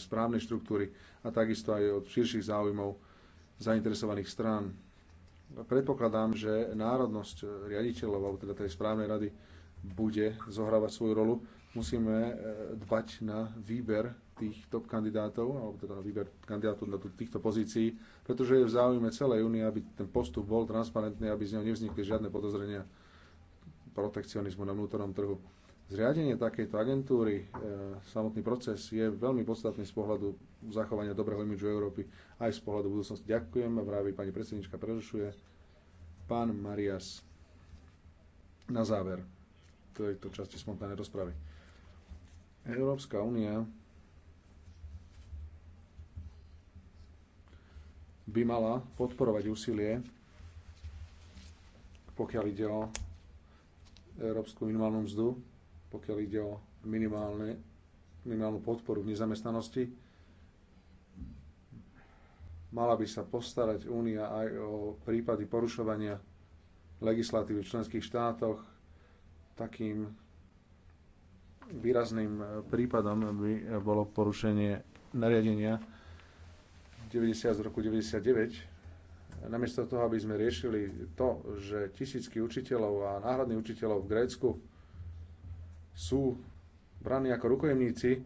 správnej štruktúry a takisto aj od širších záujmov zainteresovaných strán. Predpokladám, že národnosť riaditeľov, alebo teda tej správnej rady, bude zohrávať svoju rolu. Musíme e, dbať na výber tých top kandidátov, alebo teda na výber kandidátov na týchto pozícií, pretože je v záujme celej únie, aby ten postup bol transparentný, aby z neho nevznikli žiadne podozrenia protekcionizmu na vnútornom trhu. Zriadenie takejto agentúry, e, samotný proces je veľmi podstatný z pohľadu zachovania dobrého imidžu Európy aj z pohľadu budúcnosti. Ďakujem, vraví pani predsednička prerušuje. Pán Marias, na záver tejto časti spontánnej rozpravy. Európska únia by mala podporovať úsilie, pokiaľ ide o európsku minimálnu mzdu, pokiaľ ide o minimálne, minimálnu podporu v nezamestnanosti. Mala by sa postarať Únia aj o prípady porušovania legislatívy v členských štátoch. Takým výrazným prípadom by bolo porušenie nariadenia 90 z roku 99 namiesto toho, aby sme riešili to, že tisícky učiteľov a náhradných učiteľov v Grécku sú braní ako rukojemníci,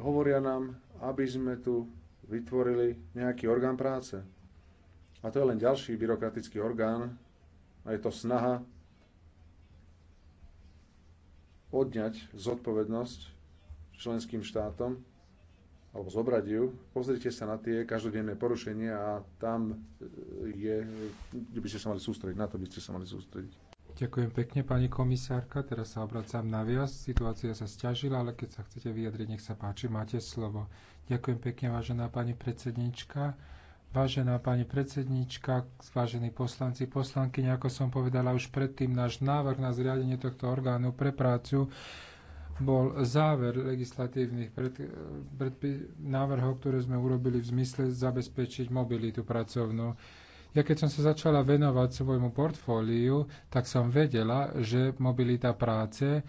hovoria nám, aby sme tu vytvorili nejaký orgán práce. A to je len ďalší byrokratický orgán a je to snaha odňať zodpovednosť členským štátom alebo zobrať ju. Pozrite sa na tie každodenné porušenia a tam je, kde by ste sa mali sústrediť, na to by ste sa mali sústrediť. Ďakujem pekne, pani komisárka. Teraz sa obracam na viac. Situácia sa stiažila, ale keď sa chcete vyjadriť, nech sa páči, máte slovo. Ďakujem pekne, vážená pani predsednička. Vážená pani predsednička, vážení poslanci, poslanky, ako som povedala už predtým, náš návrh na zriadenie tohto orgánu pre prácu bol záver legislatívnych pred, pred, návrhov, ktoré sme urobili v zmysle zabezpečiť mobilitu pracovnú. Ja keď som sa začala venovať svojmu portfóliu, tak som vedela, že mobilita práce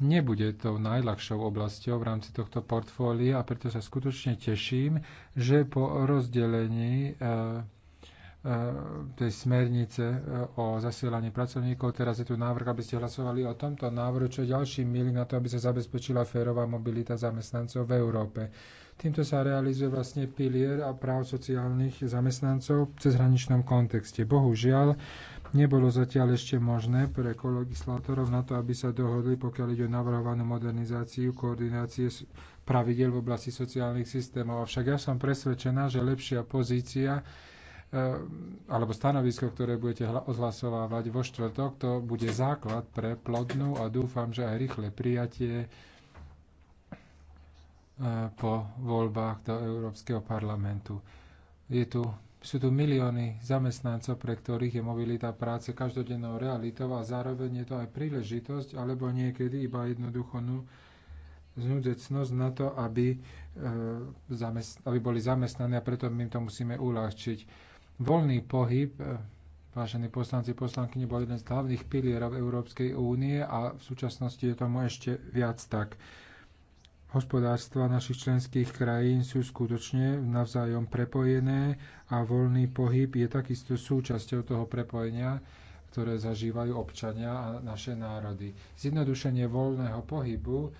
nebude tou najľahšou oblasťou v rámci tohto portfólia a preto sa skutočne teším, že po rozdelení eh, eh, tej smernice eh, o zasielaní pracovníkov. Teraz je tu návrh, aby ste hlasovali o tomto návrhu, čo je ďalší milík na to, aby sa zabezpečila férová mobilita zamestnancov v Európe. Týmto sa realizuje vlastne pilier a práv sociálnych zamestnancov v cezhraničnom kontexte. Bohužiaľ, nebolo zatiaľ ešte možné pre kolegislátorov na to, aby sa dohodli, pokiaľ ide o navrhovanú modernizáciu koordinácie pravidel v oblasti sociálnych systémov. Avšak ja som presvedčená, že lepšia pozícia eh, alebo stanovisko, ktoré budete odhlasovávať vo štvrtok, to bude základ pre plodnú a dúfam, že aj rýchle prijatie E, po voľbách do Európskeho parlamentu. Je tu, sú tu milióny zamestnancov, pre ktorých je mobilita práce každodennou realitou a zároveň je to aj príležitosť, alebo niekedy iba jednoducho no, znudecnosť na to, aby, e, aby boli zamestnaní a preto my to musíme uľahčiť. Voľný pohyb, e, vážení poslanci, poslanky, bol jeden z hlavných pilierov Európskej únie a v súčasnosti je tomu ešte viac tak hospodárstva našich členských krajín sú skutočne navzájom prepojené a voľný pohyb je takisto súčasťou toho prepojenia, ktoré zažívajú občania a naše národy. Zjednodušenie voľného pohybu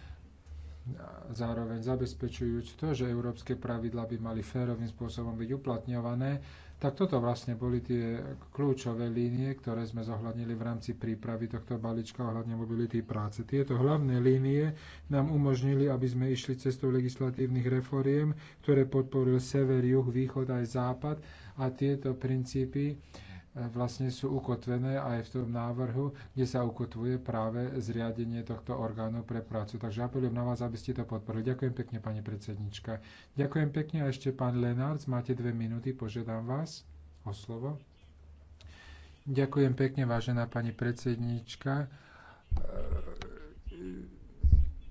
zároveň zabezpečujúc to, že európske pravidlá by mali férovým spôsobom byť uplatňované, tak toto vlastne boli tie kľúčové línie, ktoré sme zohľadnili v rámci prípravy tohto balíčka ohľadne mobility práce. Tieto hlavné línie nám umožnili, aby sme išli cestou legislatívnych reforiem, ktoré podporil sever, juh, východ aj západ a tieto princípy vlastne sú ukotvené aj v tom návrhu, kde sa ukotvuje práve zriadenie tohto orgánu pre prácu. Takže apelujem na vás, aby ste to podporili. Ďakujem pekne, pani predsednička. Ďakujem pekne a ešte pán Lenárc, máte dve minúty, požiadam vás o slovo. Ďakujem pekne, vážená pani predsednička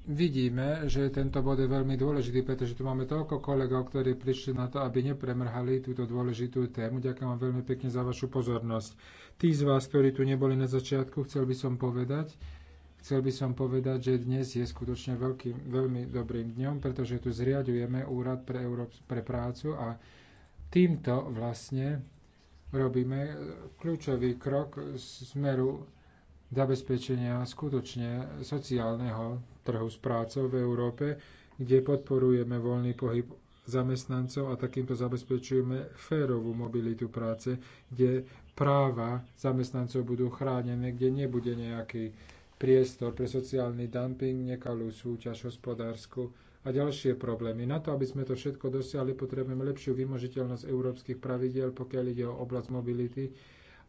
vidíme, že tento bod je veľmi dôležitý, pretože tu máme toľko kolegov, ktorí prišli na to, aby nepremrhali túto dôležitú tému. Ďakujem vám veľmi pekne za vašu pozornosť. Tí z vás, ktorí tu neboli na začiatku, chcel by som povedať, chcel by som povedať, že dnes je skutočne veľký, veľmi dobrým dňom, pretože tu zriadujeme Úrad pre, Európs- pre prácu a týmto vlastne robíme kľúčový krok smeru zabezpečenia skutočne sociálneho trhu s prácou v Európe, kde podporujeme voľný pohyb zamestnancov a takýmto zabezpečujeme férovú mobilitu práce, kde práva zamestnancov budú chránené, kde nebude nejaký priestor pre sociálny dumping, nekalú súťaž hospodársku a ďalšie problémy. Na to, aby sme to všetko dosiahli, potrebujeme lepšiu vymožiteľnosť európskych pravidiel, pokiaľ ide o oblasť mobility,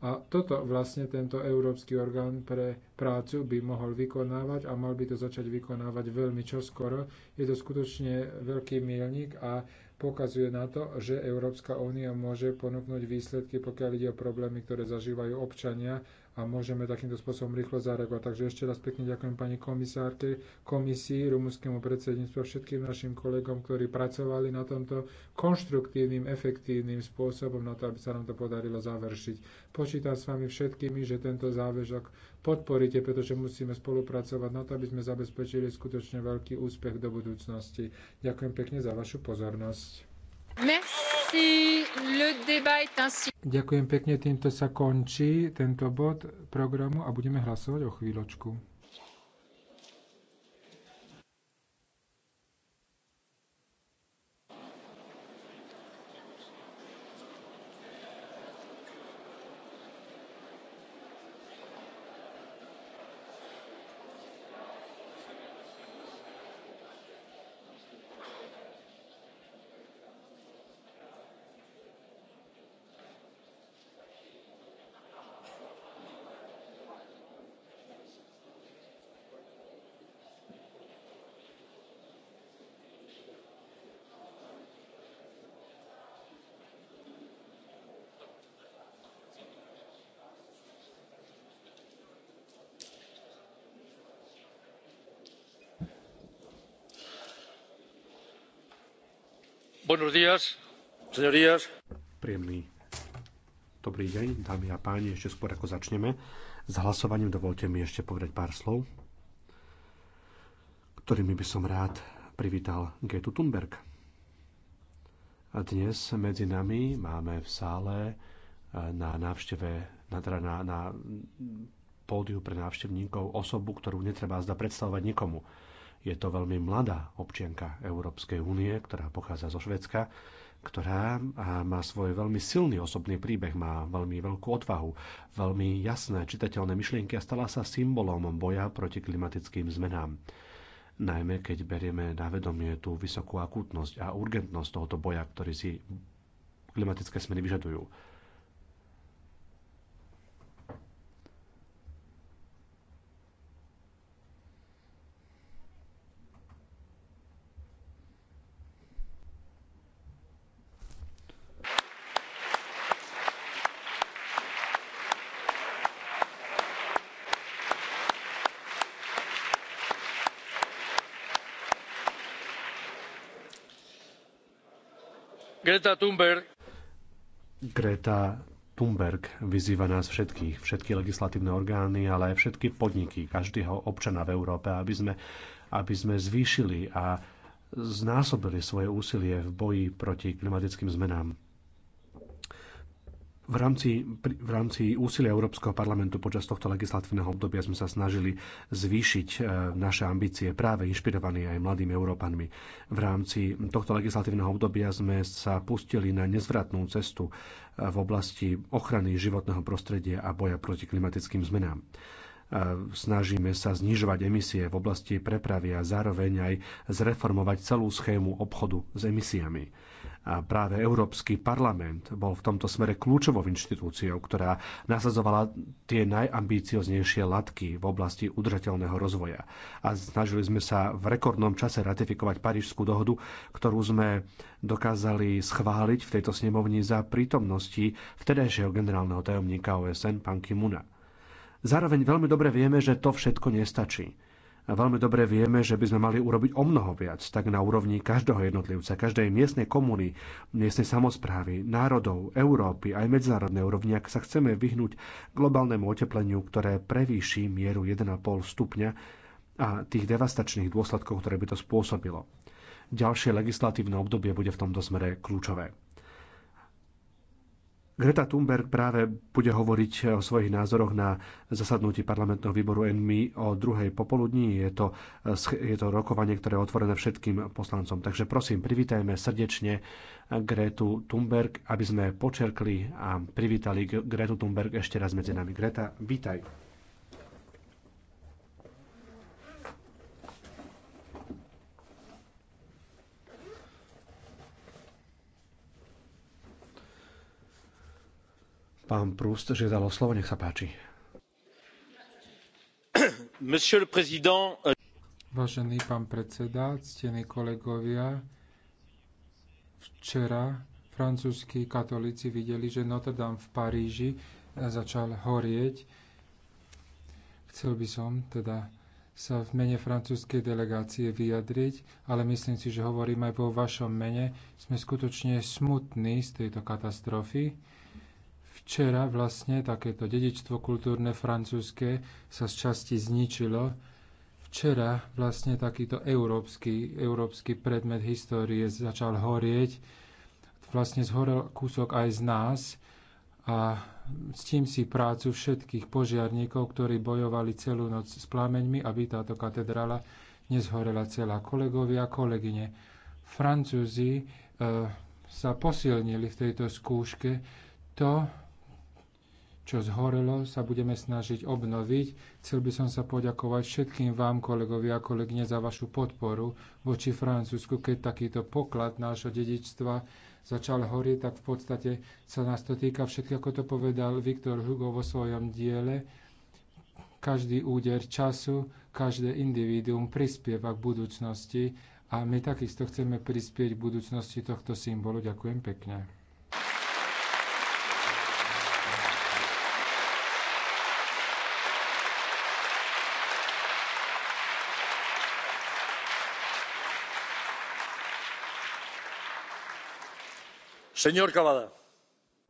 a toto vlastne tento Európsky orgán pre prácu by mohol vykonávať a mal by to začať vykonávať veľmi čoskoro. Je to skutočne veľký milník a pokazuje na to, že Európska únia môže ponúknuť výsledky, pokiaľ ide o problémy, ktoré zažívajú občania a môžeme takýmto spôsobom rýchlo zareagovať. Takže ešte raz pekne ďakujem pani komisárke, komisii, rumunskému predsedníctvu a všetkým našim kolegom, ktorí pracovali na tomto konštruktívnym, efektívnym spôsobom na to, aby sa nám to podarilo završiť. Počítam s vami všetkými, že tento záväžok podporíte, pretože musíme spolupracovať na to, aby sme zabezpečili skutočne veľký úspech do budúcnosti. Ďakujem pekne za vašu pozornosť. Merci. Ďakujem pekne, týmto sa končí tento bod programu a budeme hlasovať o chvíľočku. Príjemný dobrý deň, dámy a páni, ešte skôr ako začneme. S hlasovaním dovolte mi ešte povedať pár slov, ktorými by som rád privítal Getu Thunberg. A dnes medzi nami máme v sále e, na návšteve, na, teda na, na pódiu pre návštevníkov osobu, ktorú netreba zda predstavovať nikomu. Je to veľmi mladá občianka Európskej únie, ktorá pochádza zo Švedska, ktorá má svoj veľmi silný osobný príbeh, má veľmi veľkú odvahu, veľmi jasné čitateľné myšlienky a stala sa symbolom boja proti klimatickým zmenám najmä keď berieme na vedomie tú vysokú akútnosť a urgentnosť tohoto boja, ktorý si klimatické zmeny vyžadujú. Greta Thunberg. Greta Thunberg vyzýva nás všetkých, všetky legislatívne orgány, ale aj všetky podniky, každého občana v Európe, aby sme, aby sme zvýšili a znásobili svoje úsilie v boji proti klimatickým zmenám. V rámci, v rámci úsilia Európskeho parlamentu počas tohto legislatívneho obdobia sme sa snažili zvýšiť e, naše ambície práve inšpirovaní aj mladými Európanmi. V rámci tohto legislatívneho obdobia sme sa pustili na nezvratnú cestu e, v oblasti ochrany životného prostredia a boja proti klimatickým zmenám e, snažíme sa znižovať emisie v oblasti prepravy a zároveň aj zreformovať celú schému obchodu s emisiami. A práve Európsky parlament bol v tomto smere kľúčovou inštitúciou, ktorá nasadzovala tie najambicioznejšie latky v oblasti udržateľného rozvoja. A snažili sme sa v rekordnom čase ratifikovať Parížskú dohodu, ktorú sme dokázali schváliť v tejto snemovni za prítomnosti vtedajšieho generálneho tajomníka OSN, pán Kimuna. Zároveň veľmi dobre vieme, že to všetko nestačí veľmi dobre vieme, že by sme mali urobiť o mnoho viac, tak na úrovni každého jednotlivca, každej miestnej komuny, miestnej samozprávy, národov, Európy, aj medzinárodnej úrovni, ak sa chceme vyhnúť globálnemu otepleniu, ktoré prevýši mieru 1,5 stupňa a tých devastačných dôsledkov, ktoré by to spôsobilo. Ďalšie legislatívne obdobie bude v tomto smere kľúčové. Greta Thunberg práve bude hovoriť o svojich názoroch na zasadnutí parlamentného výboru ENMI o druhej popoludní. Je to, je to rokovanie, ktoré je otvorené všetkým poslancom. Takže prosím, privítajme srdečne Gretu Thunberg, aby sme počerkli a privítali Gretu Thunberg ešte raz medzi nami. Greta, vítaj. Pán Prúst že dalo slovo, nech sa páči. Monsieur le président. Euh, Vážený pán predseda, ctení kolegovia, včera francúzskí katolíci videli, že Notre Dame v Paríži eh, začal horieť. Chcel by som teda sa v mene francúzskej delegácie vyjadriť, ale myslím si, že hovorím aj vo vašom mene. Sme skutočne smutní z tejto katastrofy. Včera vlastne takéto dedičstvo kultúrne francúzske sa z časti zničilo. Včera vlastne takýto európsky, európsky predmet histórie začal horieť. Vlastne zhorel kúsok aj z nás a ctím si prácu všetkých požiarníkov, ktorí bojovali celú noc s plameňmi, aby táto katedrála nezhorela celá. Kolegovia, kolegyne, Francúzi e, sa posilnili v tejto skúške. To čo zhorelo, sa budeme snažiť obnoviť. Chcel by som sa poďakovať všetkým vám, kolegovia a kolegyne, za vašu podporu voči Francúzsku, keď takýto poklad nášho dedičstva začal horieť, tak v podstate sa nás to týka všetkých, ako to povedal Viktor Hugo vo svojom diele. Každý úder času, každé individuum prispieva k budúcnosti a my takisto chceme prispieť k budúcnosti tohto symbolu. Ďakujem pekne. Cavada.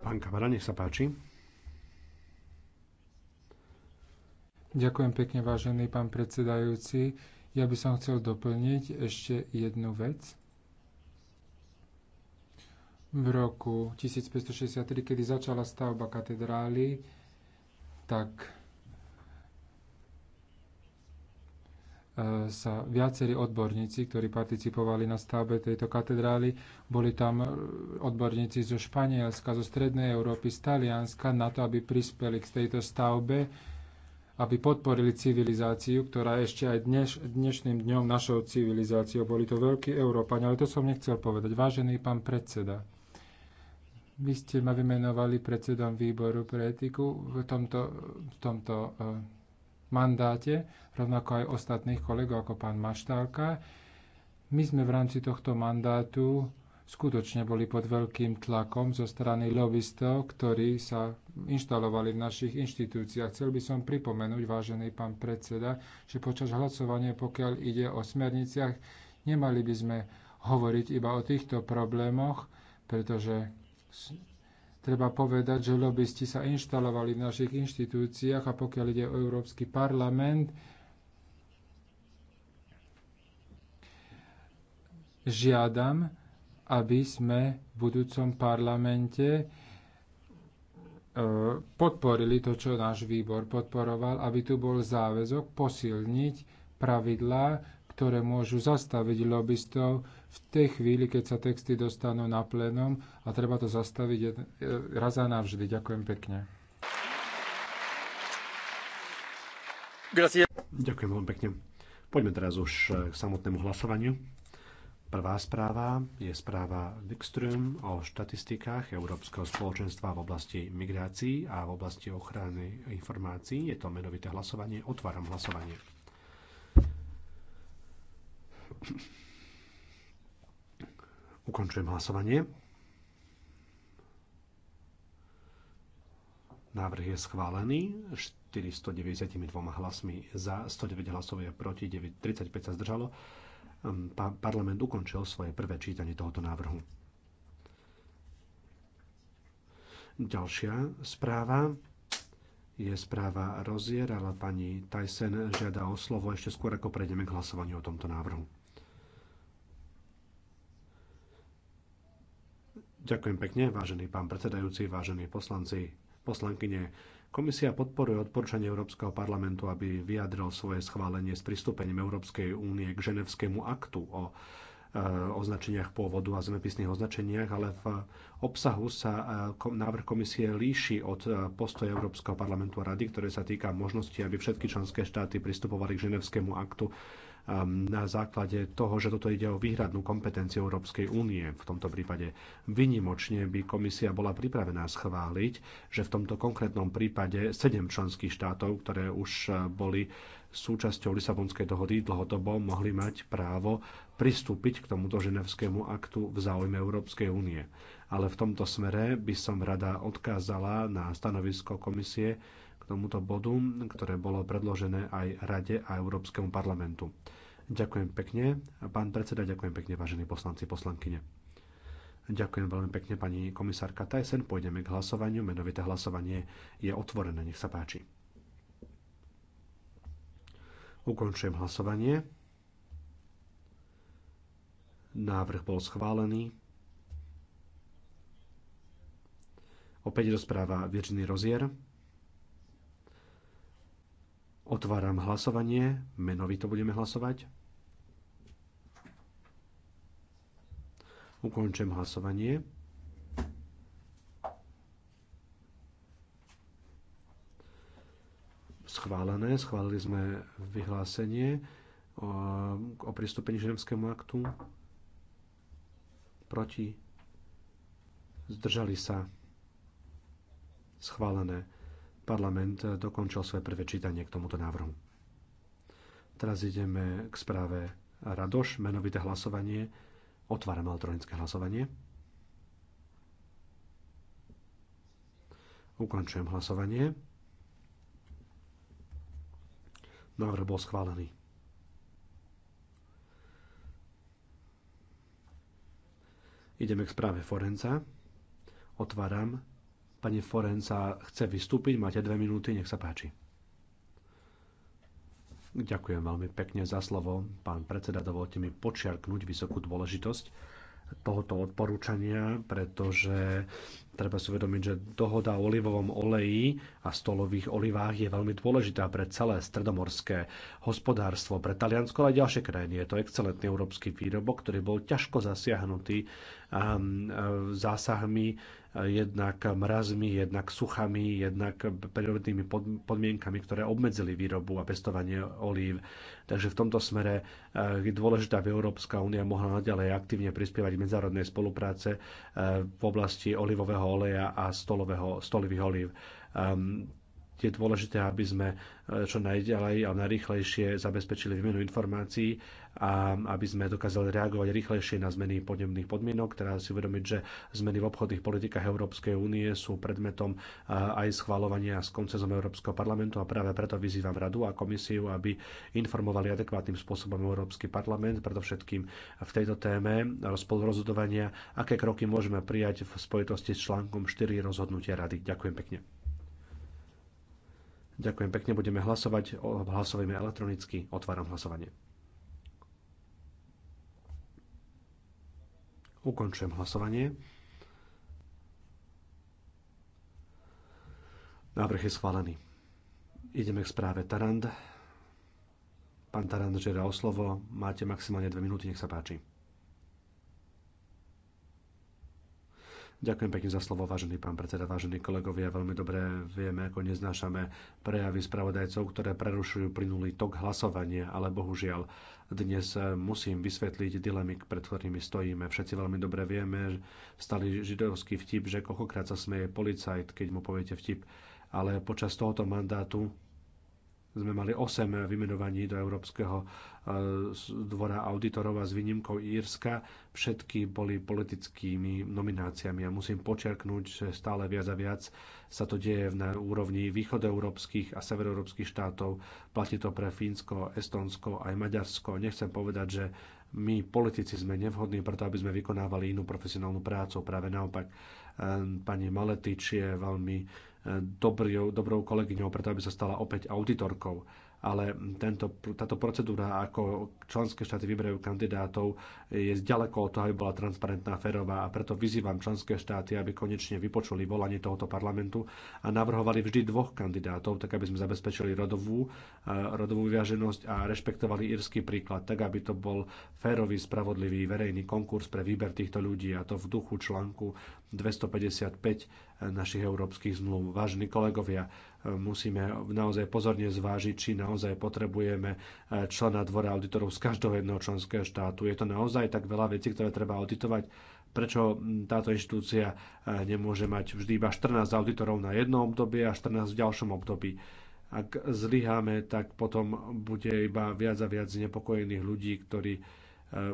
Pán Kavada, nech sa páči. Ďakujem pekne, vážený pán predsedajúci. Ja by som chcel doplniť ešte jednu vec. V roku 1563, kedy začala stavba katedrály, tak sa viacerí odborníci, ktorí participovali na stavbe tejto katedrály, boli tam odborníci zo Španielska, zo Strednej Európy, z Talianska, na to, aby prispeli k tejto stavbe, aby podporili civilizáciu, ktorá ešte aj dneš, dnešným dňom našou civilizáciou. Boli to veľkí Európania, ale to som nechcel povedať. Vážený pán predseda, vy ste ma vymenovali predsedom výboru pre etiku v tomto, v tomto eh, mandáte, rovnako aj ostatných kolegov ako pán Maštálka. My sme v rámci tohto mandátu skutočne boli pod veľkým tlakom zo strany lobbystov, ktorí sa inštalovali v našich inštitúciách. Chcel by som pripomenúť, vážený pán predseda, že počas hlasovania, pokiaľ ide o smerniciach, nemali by sme hovoriť iba o týchto problémoch, pretože Treba povedať, že lobbysti sa inštalovali v našich inštitúciách a pokiaľ ide o Európsky parlament, žiadam, aby sme v budúcom parlamente e, podporili to, čo náš výbor podporoval, aby tu bol záväzok posilniť pravidlá, ktoré môžu zastaviť lobbystov v tej chvíli, keď sa texty dostanú na plénom a treba to zastaviť e, raz a navždy. Ďakujem pekne. Gracias. Ďakujem veľmi pekne. Poďme teraz už e, k samotnému hlasovaniu. Prvá správa je správa Wikström o štatistikách Európskeho spoločenstva v oblasti migrácií a v oblasti ochrany informácií. Je to menovité hlasovanie. Otváram hlasovanie. Ukončujem hlasovanie. Návrh je schválený 492 hlasmi za, 109 hlasov je proti, 35 sa zdržalo. Ehm, parlament ukončil svoje prvé čítanie tohoto návrhu. Ďalšia správa je správa Rozier, ale pani Tyson žiada o slovo ešte skôr, ako prejdeme k hlasovaniu o tomto návrhu. Ďakujem pekne, vážený pán predsedajúci, vážení poslanci, poslankyne. Komisia podporuje odporúčanie Európskeho parlamentu, aby vyjadril svoje schválenie s pristúpením Európskej únie k ženevskému aktu o e, označeniach pôvodu a zemepisných označeniach, ale v obsahu sa e, návrh komisie líši od e, postoja Európskeho parlamentu a rady, ktoré sa týka možnosti, aby všetky členské štáty pristupovali k ženevskému aktu Ehm, na základe toho, že toto ide o výhradnú kompetenciu Európskej únie. V tomto prípade vynimočne by komisia bola pripravená schváliť, že v tomto konkrétnom prípade 7 členských štátov, ktoré už eh, boli súčasťou Lisabonskej dohody dlhodobo mohli mať právo pristúpiť k tomuto ženevskému aktu v záujme Európskej únie. Ale v tomto smere by som rada odkázala na stanovisko komisie tomuto bodu, ktoré bolo predložené aj Rade a Európskemu parlamentu. Ďakujem pekne. Pán predseda, ďakujem pekne, vážení poslanci, poslankyne. Ďakujem veľmi pekne, pani komisárka Tyson. Pôjdeme k hlasovaniu. Menovité hlasovanie je otvorené. Nech sa páči. Ukončujem hlasovanie. Návrh bol schválený. Opäť rozpráva Virginie Rozier. Otváram hlasovanie, menovito budeme hlasovať. Ukončím hlasovanie. Schválené, schválili sme vyhlásenie eh, o, pristúpení k ženskému aktu. Proti. Zdržali sa. Schválené parlament eh, dokončil svoje prvé čítanie k tomuto návrhu. Teraz ideme k správe Radoš, menovité hlasovanie. Otváram elektronické hlasovanie. Ukončujem hlasovanie. Návrh bol schválený. Ideme k správe Forenca. Otváram Pani Forenca chce vystúpiť, máte dve minúty, nech sa páči. Ďakujem veľmi pekne za slovo. Pán predseda, dovolte mi počiarknúť vysokú dôležitosť tohoto odporúčania, pretože Treba si uvedomiť, že dohoda o olivovom oleji a stolových olivách je veľmi dôležitá pre celé stredomorské hospodárstvo, pre Taliansko a ďalšie krajiny. Je to excelentný európsky výrobok, ktorý bol ťažko zasiahnutý um, um, zásahmi jednak mrazmi, jednak suchami, jednak prírodnými podmienkami, ktoré obmedzili výrobu a pestovanie olív. Takže v tomto smere eh, je dôležité, aby Európska únia mohla naďalej aktívne prispievať medzárodnej spolupráce eh, v oblasti olivového oleja a stolového, stolivých oliv. Um, ehm, je dôležité, aby sme eh, čo najďalej a najrychlejšie zabezpečili výmenu informácií a aby sme dokázali reagovať rýchlejšie na zmeny podnebných podmienok. Treba si uvedomiť, že zmeny v obchodných politikách Európskej únie sú predmetom aj schvalovania s koncezom Európskeho parlamentu a práve preto vyzývam Radu a komisiu, aby informovali adekvátnym spôsobom Európsky parlament, predovšetkým v tejto téme rozhodovania, aké kroky môžeme prijať v spojitosti s článkom 4 rozhodnutia Rady. Ďakujem pekne. Ďakujem pekne, budeme hlasovať, hlasujeme elektronicky, otváram hlasovanie. Ukončujem hlasovanie. Návrh je schválený. Ideme k správe Tarand. Pán Tarand žiada o slovo. Máte maximálne dve minúty, nech sa páči. Ďakujem pekne za slovo, vážený pán predseda, vážení kolegovia. Veľmi dobre vieme, ako neznášame prejavy spravodajcov, ktoré prerušujú plynulý tok hlasovania, ale bohužiaľ dnes e, musím vysvetliť dilemy, pred ktorými stojíme. Všetci veľmi dobre vieme, stali židovský vtip, že koľkokrát sa smeje policajt, keď mu poviete vtip, ale počas tohoto mandátu sme mali 8 vymenovaní do Európskeho e, dvora auditorov a s výnimkou Írska všetky boli politickými nomináciami. A musím počerknúť, že stále viac a viac sa to deje na úrovni východoeurópskych a severoeurópskych štátov. Platí to pre Fínsko, Estonsko aj Maďarsko. Nechcem povedať, že my politici sme nevhodní preto, aby sme vykonávali inú profesionálnu prácu. Práve naopak, e, pani Maletič je veľmi dobrou, kolegyňou, preto aby sa stala opäť auditorkou ale tento, táto procedúra, ako členské štáty vyberajú kandidátov, je ďaleko od toho, aby bola transparentná, férová a preto vyzývam členské štáty, aby konečne vypočuli volanie tohoto parlamentu a navrhovali vždy dvoch kandidátov, tak aby sme zabezpečili rodovú, eh, rodovú vyváženosť a rešpektovali írsky príklad, tak aby to bol férový, spravodlivý verejný konkurs pre výber týchto ľudí a to v duchu článku 255 našich európskych zmluv. Vážení kolegovia, musíme naozaj pozorne zvážiť, či naozaj potrebujeme eh, člena dvora auditorov z každého jedného členského štátu. Je to naozaj tak veľa vecí, ktoré treba auditovať, prečo hm, táto inštitúcia eh, nemôže mať vždy iba 14 auditorov na jednom období a 14 v ďalšom období. Ak zlyháme, tak potom bude iba viac a viac znepokojených ľudí, ktorí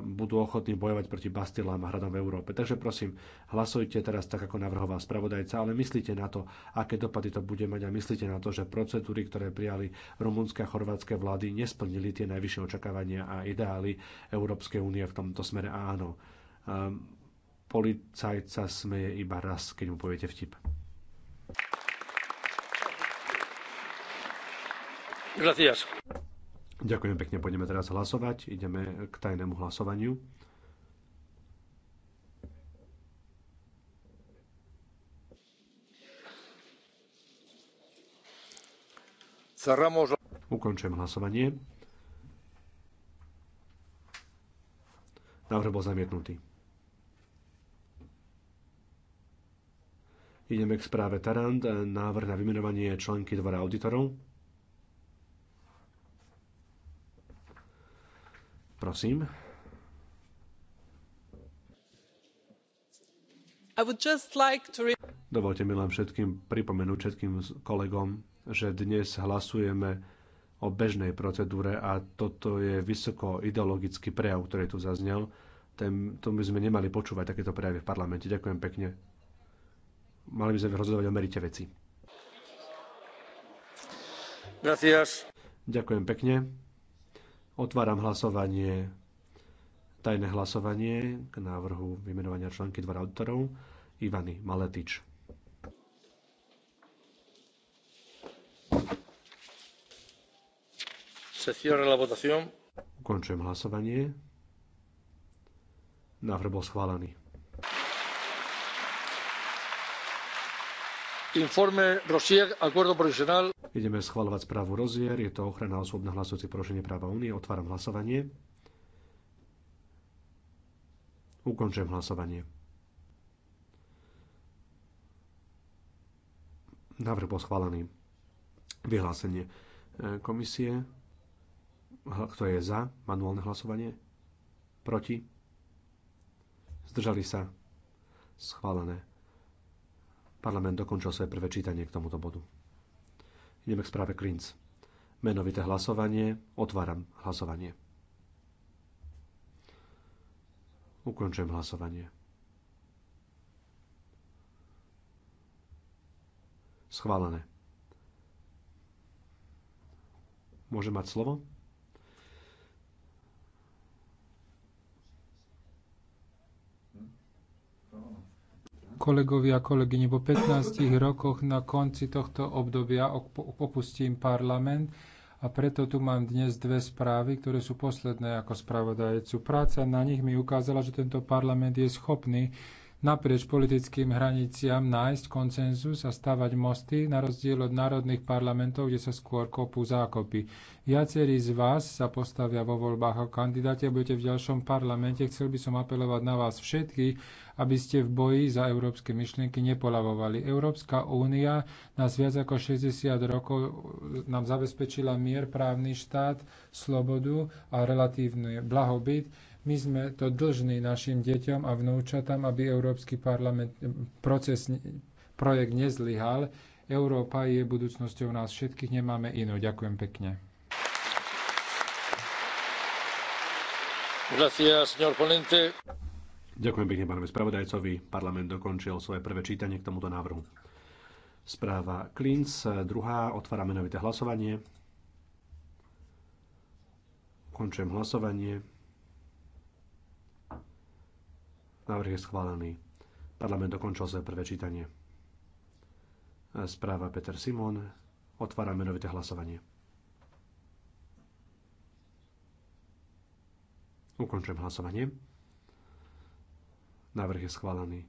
budú ochotní bojovať proti Bastilám a hradom v Európe. Takže prosím, hlasujte teraz tak, ako navrhoval spravodajca, ale myslíte na to, aké dopady to bude mať a myslíte na to, že procedúry, ktoré prijali rumunské a chorvátske vlády, nesplnili tie najvyššie očakávania a ideály Európskej únie v tomto smere. A áno, um, ehm, policajt sa smeje iba raz, keď mu poviete vtip. Gracias. Ďakujem pekne, budeme teraz hlasovať. Ideme k tajnému hlasovaniu. Ukončujem hlasovanie. Návrh bol zamietnutý. Ideme k správe Tarant, návrh na vymenovanie členky dvora auditorov. Prosím. Like to... Dovolte mi len všetkým pripomenúť všetkým kolegom, že dnes hlasujeme o bežnej procedúre a toto je vysoko ideologický prejav, ktorý tu zaznel. Ten, to by sme nemali počúvať takéto prejavy v parlamente. Ďakujem pekne. Mali by sme rozhodovať o merite veci. Gracias. Ďakujem pekne. Otváram hlasovanie, tajné hlasovanie k návrhu vymenovania články dvora auditorov Ivany Maletič. Ukončujem hlasovanie. Návrh bol schválený. Informe acuerdo provisional. Ideme schvalovať správu Rozier. Je to ochrana osôb na hlasujúci porušenie práva únie. Otváram hlasovanie. Ukončujem hlasovanie. Návrh bol schválený. Vyhlásenie e, komisie. Kto je za manuálne hlasovanie? Proti? Zdržali sa? Schválené Parlament dokončil svoje prvé čítanie k tomuto bodu. Ideme k správe Klinc. Menovité hlasovanie. Otváram hlasovanie. Ukončujem hlasovanie. Schválené. Môže mať slovo? kolegovia a kolegyne, po 15 rokoch na konci tohto obdobia opustím parlament a preto tu mám dnes dve správy, ktoré sú posledné ako spravodajcu. Práca na nich mi ukázala, že tento parlament je schopný naprieč politickým hraniciam nájsť konsenzus a stavať mosty na rozdiel od národných parlamentov, kde sa skôr kopú zákopy. Viacerí z vás sa postavia vo voľbách ako kandidáti a budete v ďalšom parlamente. Chcel by som apelovať na vás všetkých, aby ste v boji za európske myšlienky nepolavovali. Európska únia nás viac ako 60 rokov nám zabezpečila mier, právny štát, slobodu a relatívny blahobyt my sme to dlžní našim deťom a vnúčatám, aby Európsky parlament, eh, proces, projekt nezlyhal. Európa je budúcnosťou nás všetkých, nemáme inú. Ďakujem pekne. Gracias, señor ponente. Ďakujem pekne pánovi spravodajcovi. Parlament dokončil svoje prvé čítanie k tomuto návrhu. Správa Klinc, druhá, otvára menovité hlasovanie. Končujem hlasovanie. Návrh je schválený. Parlament dokončil svoje prvé čítanie. Správa Peter Simon. Otvára menovité hlasovanie. Ukončujem hlasovanie. Návrh je schválený.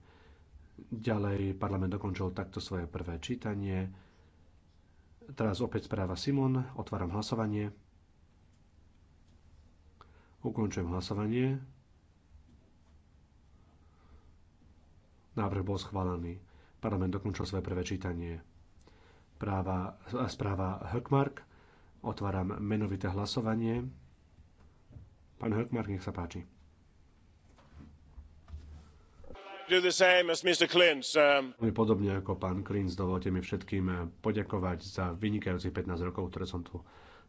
Ďalej parlament dokončil takto svoje prvé čítanie. Teraz opäť správa Simon. Otváram hlasovanie. Ukončujem hlasovanie. Návrh bol schválený. Parlament dokončil svoje prvé čítanie. Práva, správa Hökmark. Otváram menovité hlasovanie. Pán Hökmark, nech sa páči. Um, Veľmi podobne ako pán Klins, dovolte mi všetkým eh, poďakovať za vynikajúcich 15 rokov, ktoré som tu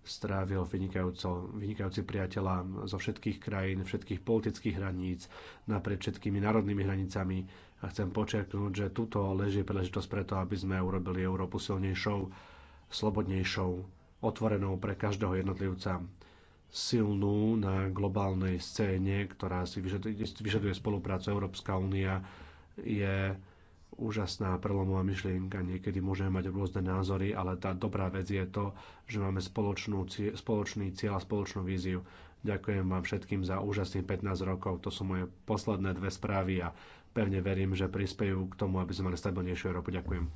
strávil vynikajúci priateľa zo všetkých krajín, všetkých politických hraníc, napred všetkými národnými hranicami a chcem počerknúť, že tuto leží príležitosť preto, aby sme urobili Európu silnejšou, slobodnejšou, otvorenou pre každého jednotlivca, silnú na globálnej scéne, ktorá si vyžaduje, vyžaduje spoluprácu. Európska únia je úžasná prelomová myšlienka. Niekedy môžeme mať rôzne názory, ale tá dobrá vec je to, že máme spoločnú, spoločný cieľ a spoločnú víziu. Ďakujem vám všetkým za úžasných 15 rokov. To sú moje posledné dve správy a pevne verím, že prispejú k tomu, aby sme mali stabilnejšiu Európu. Ďakujem.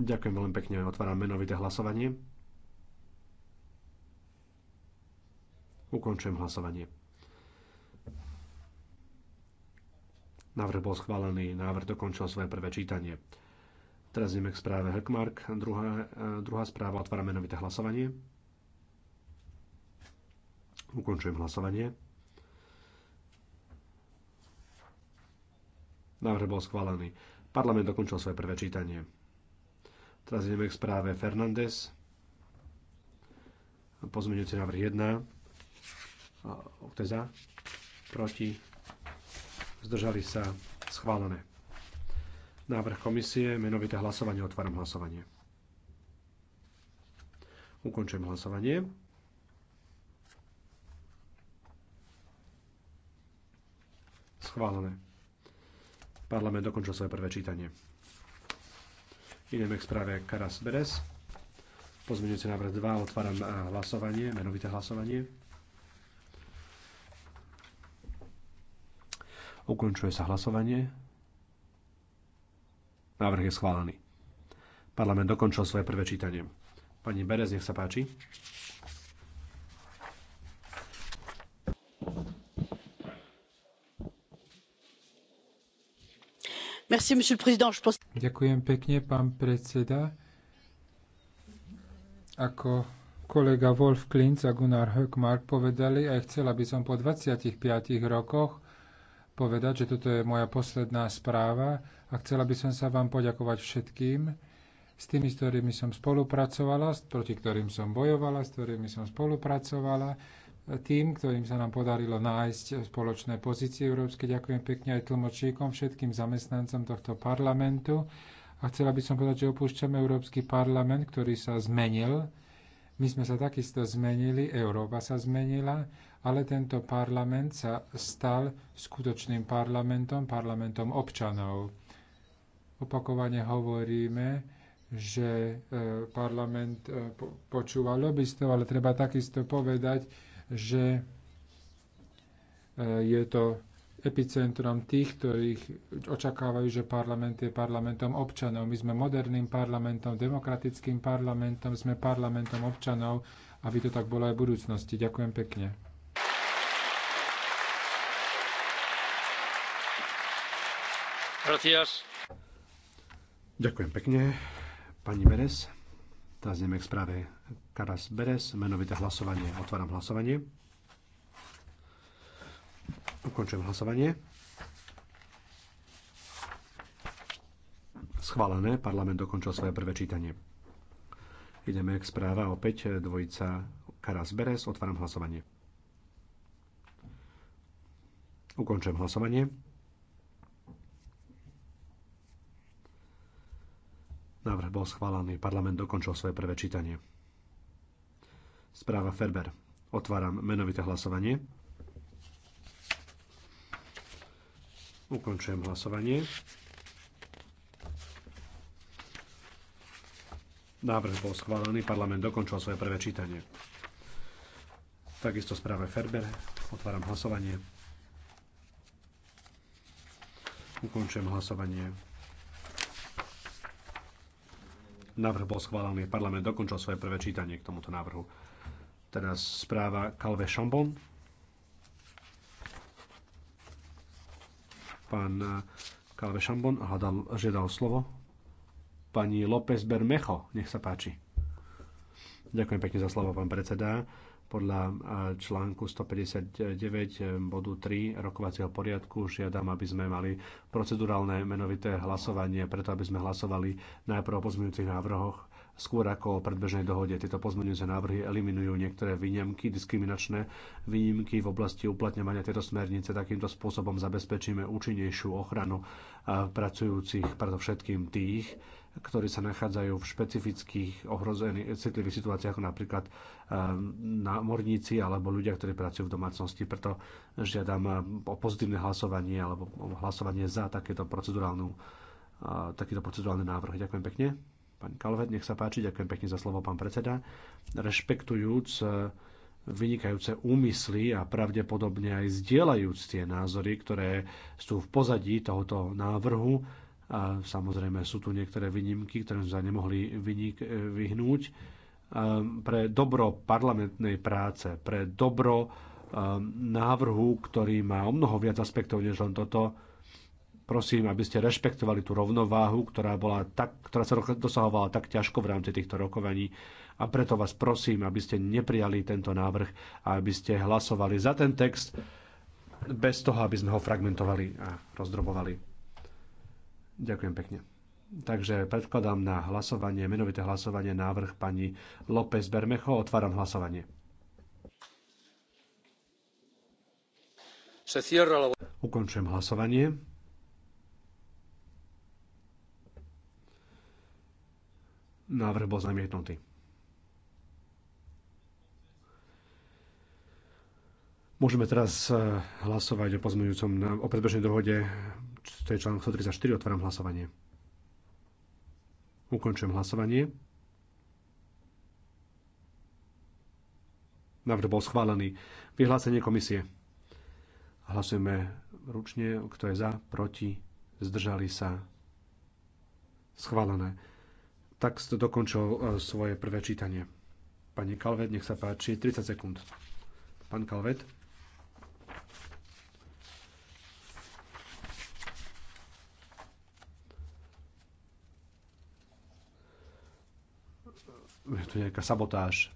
Ďakujem veľmi pekne. Otváram menovité hlasovanie. Ukončujem hlasovanie. Návrh bol schválený, návrh dokončil svoje prvé čítanie. Teraz ideme k správe Hökmark. Druhá, eh, druhá správa, otvárame novité hlasovanie. Ukončujem hlasovanie. Návrh bol schválený. Parlament dokončil svoje prvé čítanie. Teraz ideme k správe Fernández. Pozmeňujúci návrh 1. Kto je za? Proti? zdržali sa, schválené. Návrh komisie, menovité hlasovanie, otváram hlasovanie. Ukončujem hlasovanie. Schválené. Parlament dokončil svoje prvé čítanie. Ideme k správe Karas Beres. Pozmeňujúci návrh 2, otváram eh, hlasovanie, menovité hlasovanie. Ukončuje sa hlasovanie. Návrh je schválený. Parlament dokončil svoje prvé čítanie. Pani Berez, nech sa páči. Ďakujem pekne, pán predseda. Ako kolega Wolf Klintz a Gunnar Höckmark povedali, aj chcela by som po 25 rokoch povedať, že toto je moja posledná správa a chcela by som sa vám poďakovať všetkým, s tými, s ktorými som spolupracovala, proti ktorým som bojovala, s ktorými som spolupracovala, tým, ktorým sa nám podarilo nájsť spoločné pozície európske. Ďakujem pekne aj tlmočíkom, všetkým zamestnancom tohto parlamentu. A chcela by som povedať, že opúšťame Európsky parlament, ktorý sa zmenil my sme sa takisto zmenili, Európa sa zmenila, ale tento parlament sa stal skutočným parlamentom, parlamentom občanov. Opakovane hovoríme, že e, parlament e, počúva lobbystov, ale treba takisto povedať, že e, je to epicentrom tých, ktorých očakávajú, že parlament je parlamentom občanov. My sme moderným parlamentom, demokratickým parlamentom, sme parlamentom občanov, aby to tak bolo aj v budúcnosti. Ďakujem pekne. Gracias. Ďakujem pekne. Pani Beres, teraz ideme k správe Karas Beres, menovité hlasovanie. Otváram hlasovanie. Ukončujem hlasovanie. Schválené. Parlament dokončil svoje prvé čítanie. Ideme k správa opäť dvojica Karas Beres. Otváram hlasovanie. Ukončujem hlasovanie. Návrh bol schválený. Parlament dokončil svoje prvé čítanie. Správa Ferber. Otváram menovité hlasovanie. Ukončujem hlasovanie. Návrh bol schválený, parlament dokončil svoje prvé čítanie. Takisto správe Ferber. Otváram hlasovanie. Ukončujem hlasovanie. Návrh bol schválený. Parlament dokončil svoje prvé čítanie k tomuto návrhu. Teraz správa kalve Chambon. Pán Kalve eh, Šambon hľadal, žiadal slovo. Pani López Bermecho, nech sa páči. Ďakujem pekne za slovo, pán predseda. Podľa eh, článku 159 eh, bodu 3 rokovacieho poriadku žiadam, aby sme mali procedurálne menovité hlasovanie, preto aby sme hlasovali najprv o pozmeňujúcich návrhoch skôr ako o predbežnej dohode. Tieto pozmeňujúce návrhy eliminujú niektoré výnimky, diskriminačné výnimky v oblasti uplatňovania tejto smernice. Takýmto spôsobom zabezpečíme účinnejšiu ochranu pracujúcich, predovšetkým tých, ktorí sa nachádzajú v špecifických ohrozených citlivých situáciách, ako napríklad námorníci alebo ľudia, ktorí pracujú v domácnosti. Preto žiadam o pozitívne hlasovanie alebo hlasovanie za takéto procedurálnu, takýto procedurálny návrh. Ďakujem pekne. Pani Kalvet, nech sa páči, ďakujem pekne za slovo, pán predseda. Rešpektujúc e, vynikajúce úmysly a pravdepodobne aj zdieľajúc tie názory, ktoré sú v pozadí tohoto návrhu. A samozrejme sú tu niektoré výnimky, ktoré sme sa nemohli vynik- e, vyhnúť. E, pre dobro parlamentnej práce, pre dobro návrhu, ktorý má o mnoho viac aspektov než len toto, Prosím, aby ste rešpektovali tú rovnováhu, ktorá, bola tak, ktorá sa dosahovala tak ťažko v rámci týchto rokovaní. A preto vás prosím, aby ste neprijali tento návrh a aby ste hlasovali za ten text bez toho, aby sme ho fragmentovali a rozdrobovali. Ďakujem pekne. Takže predkladám na hlasovanie, menovité hlasovanie, návrh pani López Bermecho. Otváram hlasovanie. Ukončujem hlasovanie. Návrh bol zamietnutý. Môžeme teraz e, hlasovať o pozmeňujúcom o predbežnej dohode, to je článok 134, otváram hlasovanie. Ukončujem hlasovanie. Návrh bol schválený. Vyhlásenie komisie. Hlasujeme ručne, kto je za, proti, zdržali sa. Schválené tak dokončil e, svoje prvé čítanie. Pani Kalvet, nech sa páči, 30 sekúnd. Pán Kalvet. Je tu nejaká sabotáž.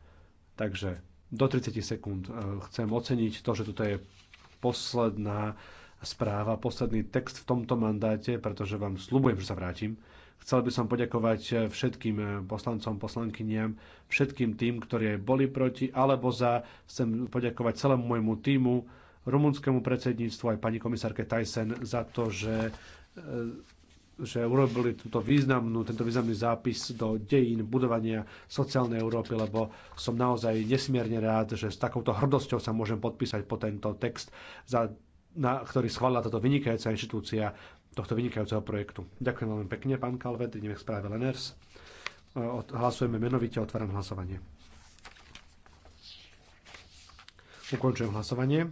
Takže do 30 sekúnd e, chcem oceniť to, že toto je posledná správa, posledný text v tomto mandáte, pretože vám slubujem, že sa vrátim. Chcel by som poďakovať eh, všetkým eh, poslancom, poslankyniam, všetkým tým, ktorí boli proti alebo za. Chcem poďakovať celému môjmu týmu, rumunskému predsedníctvu aj pani komisárke Tyson za to, že eh, že urobili túto významnú, tento významný zápis do dejín budovania sociálnej Európy, lebo som naozaj nesmierne rád, že s takouto hrdosťou sa môžem podpísať po tento text, za, na, ktorý schválila táto vynikajúca inštitúcia tohto vynikajúceho projektu. Ďakujem veľmi pekne, pán Kalvet, ideme k správe Leners. Hlasujeme menovite, otváram hlasovanie. Ukončujem hlasovanie.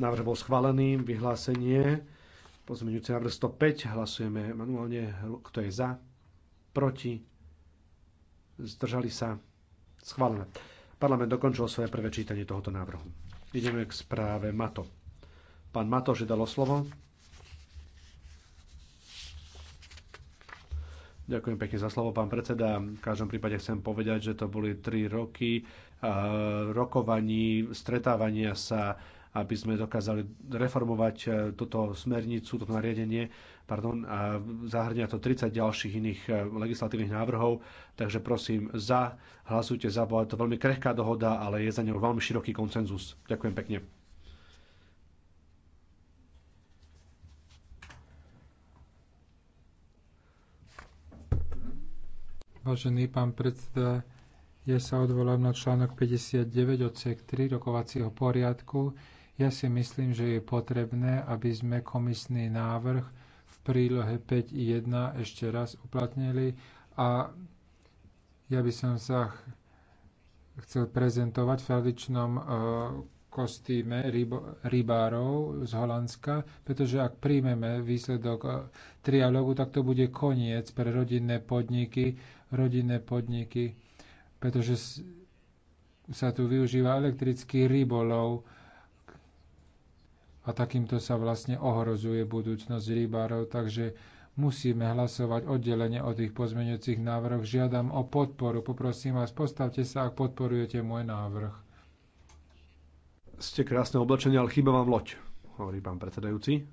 Návrh bol schválený, vyhlásenie. Pozmeňujúci návrh 105, hlasujeme manuálne, kto je za, proti, zdržali sa, schválené. Parlament dokončil svoje prvé čítanie tohoto návrhu. Ideme k správe Mato. Pán Mato, že dalo slovo. Ďakujem pekne za slovo, pán predseda. V každom prípade chcem povedať, že to boli tri roky rokovaní, stretávania sa, aby sme dokázali reformovať e, túto smernicu, toto nariadenie pardon, a zahrňa to 30 ďalších iných e, legislatívnych návrhov, takže prosím za, hlasujte za, bola to veľmi krehká dohoda, ale je za ňou veľmi široký koncenzus. Ďakujem pekne. Vážený pán predseda, ja sa odvolám na článok 59 odsek 3 rokovacieho poriadku. Ja si myslím, že je potrebné, aby sme komisný návrh prílohe 5.1 ešte raz uplatnili a ja by som sa chcel prezentovať v tradičnom e, kostýme rybárov z Holandska, pretože ak príjmeme výsledok e, trialógu, tak to bude koniec pre rodinné podniky, rodinné podniky, pretože sa tu využíva elektrický rybolov, a takýmto sa vlastne ohrozuje budúcnosť rybárov, takže musíme hlasovať oddelenie o tých pozmeňujúcich návrhoch. Žiadam o podporu. Poprosím vás, postavte sa, ak podporujete môj návrh. Ste krásne oblečenie, ale chýba vám loď, hovorí pán predsedajúci.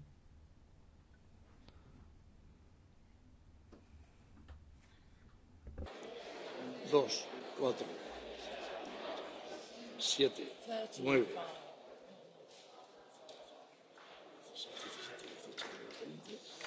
Dos, cuatro, siete, nueve.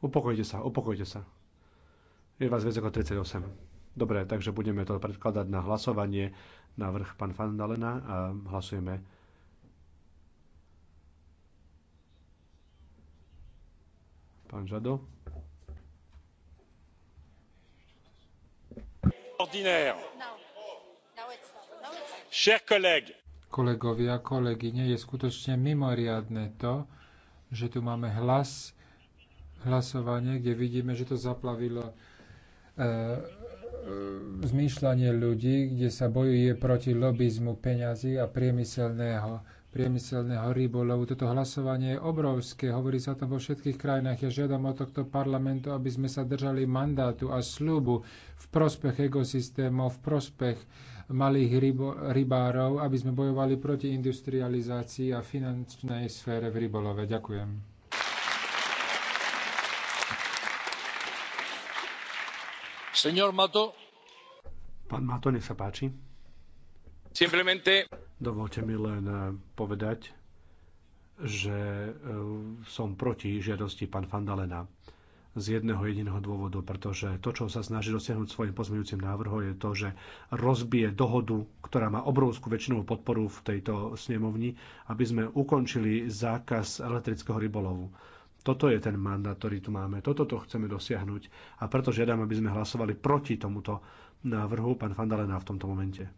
Upokojte sa, upokojte sa. Je vás viac ako 38. Dobre, takže budeme to predkladať na hlasovanie. vrch pán Fandalena a hlasujeme. Pán Žado. Ordinaire. Chers collègues, kolegovia, kolegyne, je skutočne mimoriadne to, že tu máme hlas hlasovanie, kde vidíme, že to zaplavilo e, e, zmýšľanie ľudí, kde sa bojuje proti lobizmu peňazí a priemyselného, priemyselného rybolovu. Toto hlasovanie je obrovské, hovorí sa to vo všetkých krajinách. Ja žiadam od tohto parlamentu, aby sme sa držali mandátu a sľubu v prospech ekosystémov, v prospech malých rybo, rybárov, aby sme bojovali proti industrializácii a finančnej sfére v rybolove. Ďakujem. Pán Mato, nech sa páči. Simplemente... Dovolte mi len eh, povedať, že eh, som proti žiadosti pán Fandalena z jedného jediného dôvodu, pretože to, čo sa snaží dosiahnuť svojim pozmeňujúcim návrhom, je to, že rozbije dohodu, ktorá má obrovskú väčšinovú podporu v tejto snemovni, aby sme ukončili zákaz elektrického rybolovu. Toto je ten mandát, ktorý tu máme. Toto to chceme dosiahnuť. A preto žiadam, aby sme hlasovali proti tomuto návrhu pán Fandalena v tomto momente.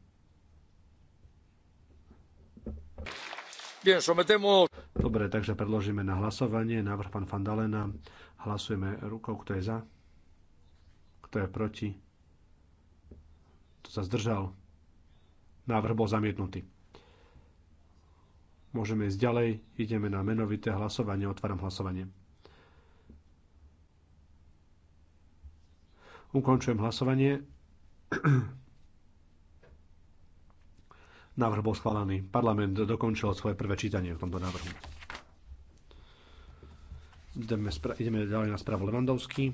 Dobre, takže predložíme na hlasovanie návrh pán Fandalena. Hlasujeme rukou, kto je za, kto je proti, kto sa zdržal. Návrh bol zamietnutý. Môžeme ísť ďalej. Ideme na menovité hlasovanie. Otváram hlasovanie. Ukončujem hlasovanie. Návrh bol schválený. Parlament dokončil svoje prvé čítanie v tomto návrhu. Ideme, ideme ďalej na správu Levandovský.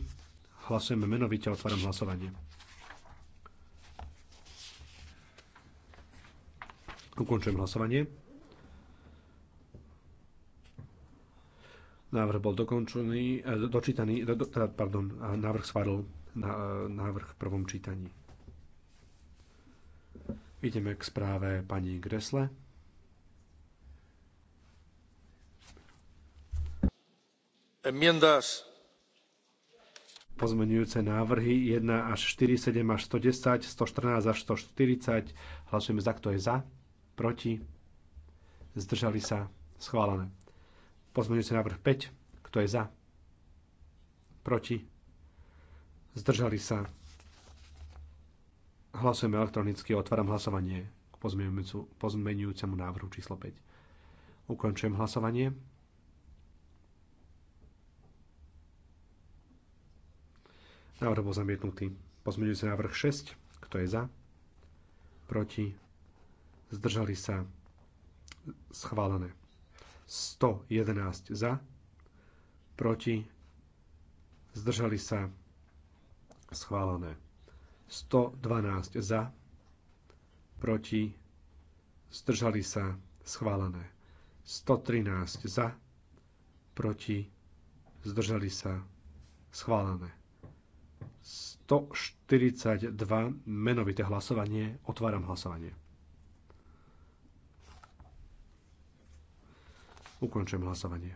Hlasujeme menovite, otváram hlasovanie. Ukončujem hlasovanie. Návrh bol dokončený, e, dočítaný, do, teda, pardon, návrh schválil na, e, návrh v prvom čítaní. Ideme k správe pani Gresle. Enmiendas. Pozmenujúce návrhy 1 až 4, 7 až 110, 114 až 140. Hlasujeme za, kto je za, proti, zdržali sa, schválené. Pozmeňujúci návrh 5. Kto je za? Proti? Zdržali sa? Hlasujeme elektronicky. Otváram hlasovanie k pozmeňujúcemu návrhu číslo 5. Ukončujem hlasovanie. Návrh bol zamietnutý. Pozmeňujúci návrh 6. Kto je za? Proti? Zdržali sa? Schválené. 111 za, proti, zdržali sa, schválené. 112 za, proti, zdržali sa, schválené. 113 za, proti, zdržali sa, schválené. 142 menovité hlasovanie, otváram hlasovanie. Ukončujem hlasovanie.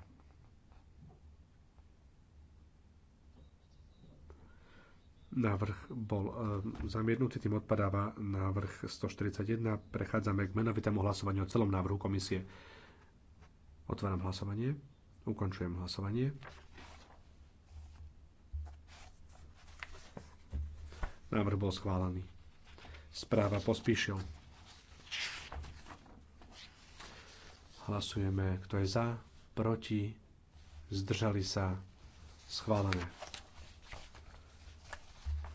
Návrh bol e, zamietnutý, tým odpadáva návrh 141. Prechádzame k menovitému hlasovaniu o celom návrhu komisie. Otváram hlasovanie. Ukončujem hlasovanie. Návrh bol schválený. Správa pospíšil. Hlasujeme, kto je za, proti, zdržali sa, schválené.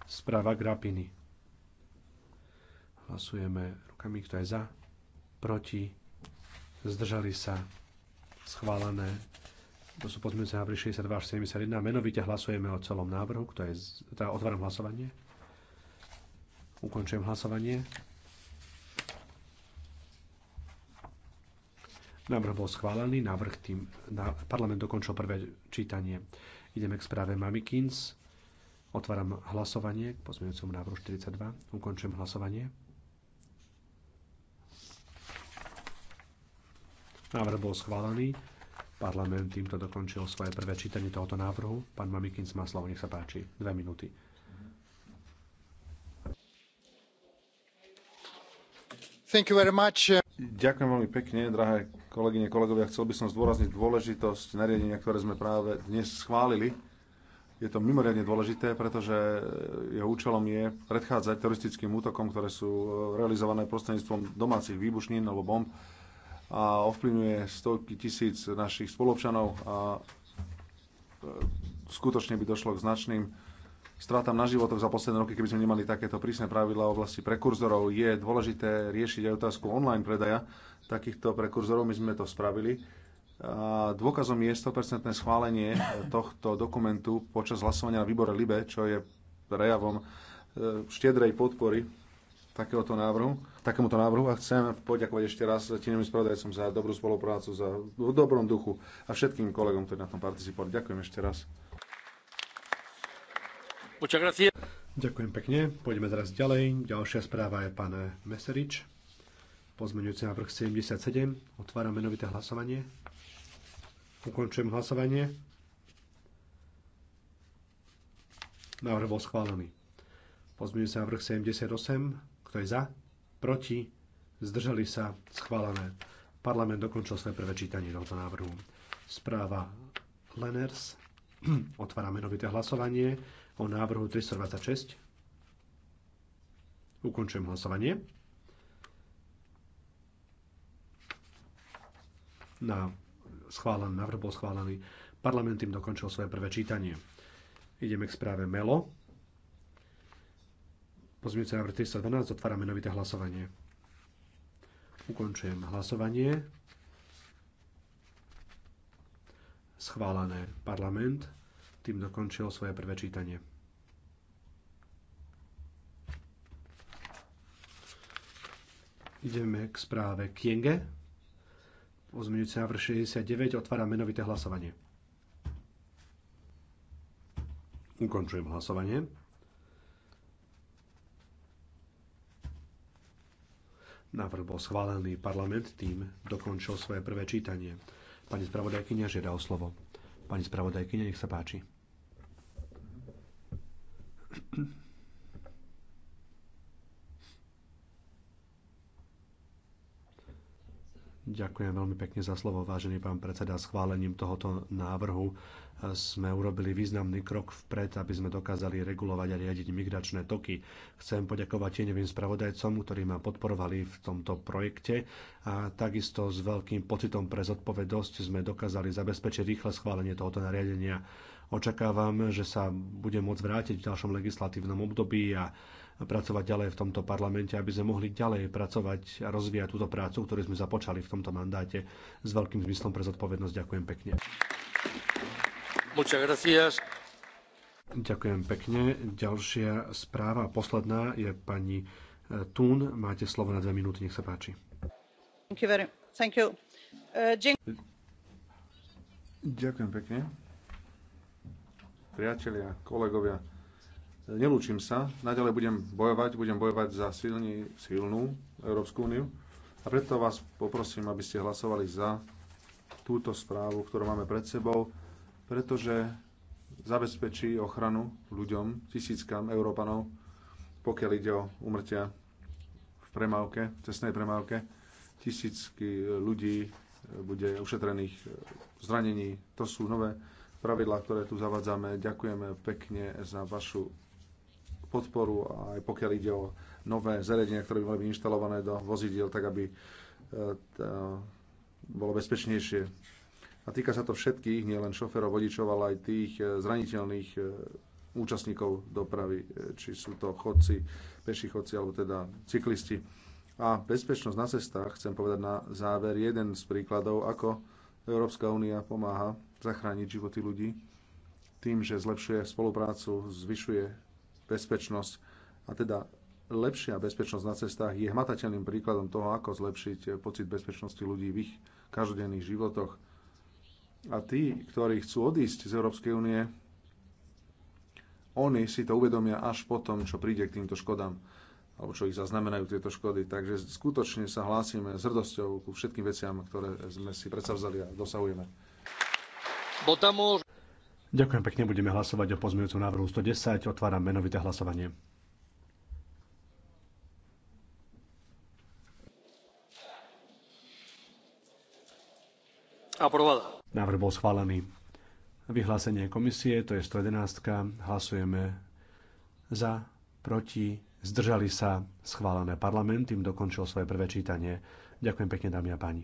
Správa Grapiny. Hlasujeme rukami, kto je za, proti, zdržali sa, schválené. To sú pozmeňujúce návrhy 62 až 71. Menovite hlasujeme o celom návrhu, kto je, teda otváram hlasovanie. Ukončujem hlasovanie. Návrh bol schválený, návrh tým, na, parlament dokončil prvé čítanie. Ideme k správe Mamikins. Otváram hlasovanie k pozmeňujúcemu návrhu 42. Ukončujem hlasovanie. Návrh bol schválený. Parlament týmto dokončil svoje prvé čítanie tohoto návrhu. Pán Mamikins má slovo, nech sa páči. Dve minúty. Thank you very much. Ďakujem veľmi pekne, drahé kolegyne, kolegovia. Chcel by som zdôrazniť dôležitosť nariadenia, ktoré sme práve dnes schválili. Je to mimoriadne dôležité, pretože jeho účelom je predchádzať teroristickým útokom, ktoré sú e, realizované prostredníctvom domácich výbušnín alebo bomb a ovplyvňuje stovky tisíc našich spolobčanov a e, skutočne by došlo k značným stratám na životoch za posledné roky, keby sme nemali takéto prísne pravidlá v oblasti prekurzorov. Je dôležité riešiť aj otázku online predaja takýchto prekurzorov. My sme to spravili. A dôkazom je 100% schválenie tohto dokumentu počas hlasovania na výbore LIBE, čo je prejavom e, štedrej podpory takéhoto návrhu, takémuto návrhu a chcem poďakovať ešte raz tieňovým spravodajcom za dobrú spoluprácu, za dobrom duchu a všetkým kolegom, ktorí na tom participovali. Ďakujem ešte raz. Ďakujem pekne. Poďme teraz ďalej. Ďalšia správa je pán Meserič. Pozmeňujúci návrh 77. Otváram menovité hlasovanie. Ukončujem hlasovanie. Návrh bol schválený. Pozmeňujúci návrh 78. Kto je za? Proti? Zdržali sa? Schválené. Parlament dokončil svoje prvé čítanie tohto návrhu. Správa Leners. Otváram menovité hlasovanie o návrhu 326. Ukončujem hlasovanie. Na schválen, návrh bol schválený. Parlament tým dokončil svoje prvé čítanie. Ideme k správe MELO. Pozmiňujúci návrh 312, otvárame novité hlasovanie. Ukončujem hlasovanie. Schválené parlament tým dokončil svoje prvé čítanie. Ideme k správe Kienge. Pozmeňujúci návrh 69 otvára menovité hlasovanie. Ukončujem hlasovanie. Návrh bol schválený. Parlament tým dokončil svoje prvé čítanie. Pani spravodajkynia žiada o slovo. Pani spravodajkynia, nech sa páči. Ďakujem veľmi pekne za slovo, vážený pán predseda. Schválením tohoto návrhu e, sme urobili významný krok vpred, aby sme dokázali regulovať a riadiť migračné toky. Chcem poďakovať tieňovým spravodajcom, ktorí ma podporovali v tomto projekte a takisto s veľkým pocitom pre zodpovednosť sme dokázali zabezpečiť rýchle schválenie tohoto nariadenia Očakávam, že sa bude môcť vrátiť v ďalšom legislatívnom období a pracovať ďalej v tomto parlamente, aby sme mohli ďalej pracovať a rozvíjať túto prácu, ktorú sme započali v tomto mandáte s veľkým zmyslom pre zodpovednosť. Ďakujem pekne. Ďakujem pekne. Ďalšia správa, posledná, je pani e, Tún. Máte slovo na dve minúty, nech sa páči. Thank you very, thank you. Uh, Ďakujem pekne priatelia, kolegovia, nelúčim sa, naďalej budem bojovať, budem bojovať za silný, silnú Európsku úniu a preto vás poprosím, aby ste hlasovali za túto správu, ktorú máme pred sebou, pretože zabezpečí ochranu ľuďom, tisíckam Európanov, pokiaľ ide o umrtia v premávke, cestnej premávke. Tisícky ľudí bude ušetrených zranení. To sú nové pravidlá, ktoré tu zavádzame. Ďakujeme pekne za vašu podporu a aj pokiaľ ide o nové zariadenia, ktoré by mali byť inštalované do vozidiel, tak aby e, bolo bezpečnejšie. A týka sa to všetkých, nielen šoferov, vodičov, ale aj tých e, zraniteľných e, účastníkov dopravy, či sú to chodci, peši chodci alebo teda cyklisti. A bezpečnosť na cestách, chcem povedať na záver, jeden z príkladov, ako Európska únia pomáha zachrániť životy ľudí tým, že zlepšuje spoluprácu, zvyšuje bezpečnosť a teda lepšia bezpečnosť na cestách je hmatateľným príkladom toho, ako zlepšiť pocit bezpečnosti ľudí v ich každodenných životoch. A tí, ktorí chcú odísť z Európskej únie, oni si to uvedomia až potom, čo príde k týmto škodám alebo čo ich zaznamenajú tieto škody. Takže skutočne sa hlásime s hrdosťou ku všetkým veciam, ktoré sme si predstavzali a dosahujeme. Ďakujem pekne, budeme hlasovať o pozmeňujúcom návrhu 110. Otváram menovité hlasovanie. Návrh bol schválený. Vyhlásenie komisie, to je 111. Hlasujeme za, proti, zdržali sa schválené. Parlament tým dokončil svoje prvé čítanie. Ďakujem pekne, dámy a páni.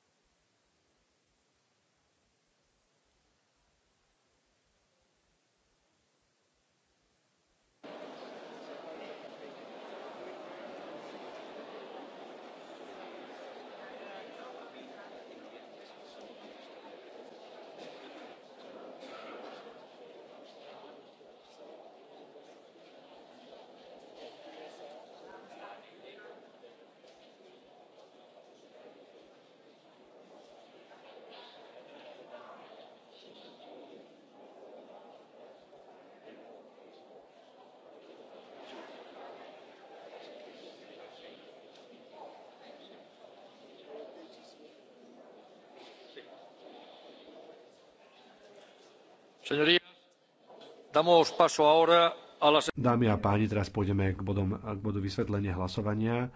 Dámy a páni, teraz pôjdeme k, bodom, k bodu vysvetlenie hlasovania.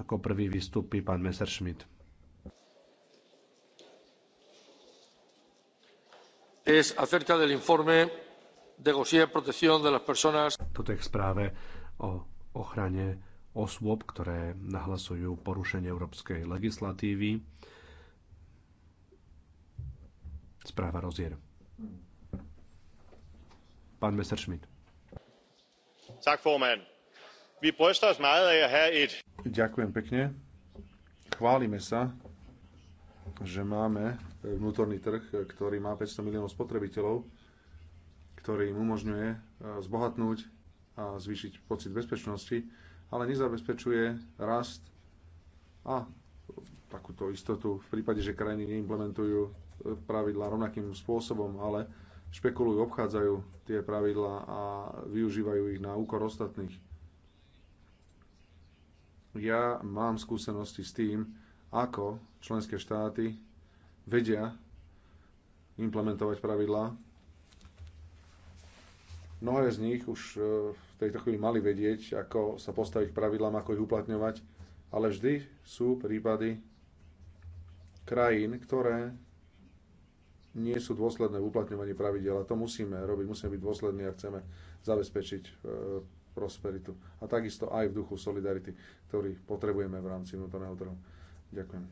Ako prvý vystúpi pán Messerschmidt. Es acerca del informe de dossier protección de las personas. Toto je k správe o ochrane osôb, ktoré nahlasujú porušenie európskej legislatívy. Správa rozier pán Messerschmidt. Ďakujem pekne. Chválime sa, že máme e, vnútorný trh, e, ktorý má 500 miliónov spotrebiteľov, ktorý im umožňuje e, zbohatnúť a zvýšiť pocit bezpečnosti, ale nezabezpečuje rast a takúto istotu v prípade, že krajiny neimplementujú pravidlá rovnakým spôsobom, ale špekulujú, obchádzajú tie pravidlá a využívajú ich na úkor ostatných. Ja mám skúsenosti s tým, ako členské štáty vedia implementovať pravidlá. Mnohé z nich už e, v tejto chvíli mali vedieť, ako sa postaviť k pravidlám, ako ich uplatňovať, ale vždy sú prípady krajín, ktoré nie sú dôsledné v uplatňovaní pravidel. A to musíme robiť, musíme byť dôslední a chceme zabezpečiť e, prosperitu. A takisto aj v duchu solidarity, ktorý potrebujeme v rámci vnútorného trhu. Ďakujem.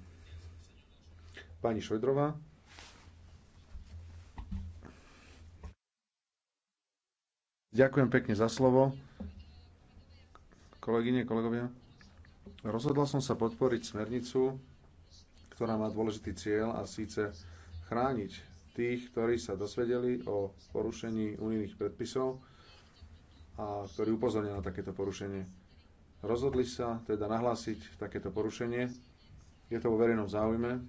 Pani Šojdrová. Ďakujem pekne za slovo. Kolegyne, kolegovia, rozhodla som sa podporiť smernicu, ktorá má dôležitý cieľ a síce chrániť tých, ktorí sa dosvedeli o porušení unijných predpisov a ktorí upozornili na takéto porušenie. Rozhodli sa teda nahlásiť takéto porušenie. Je to vo verejnom záujme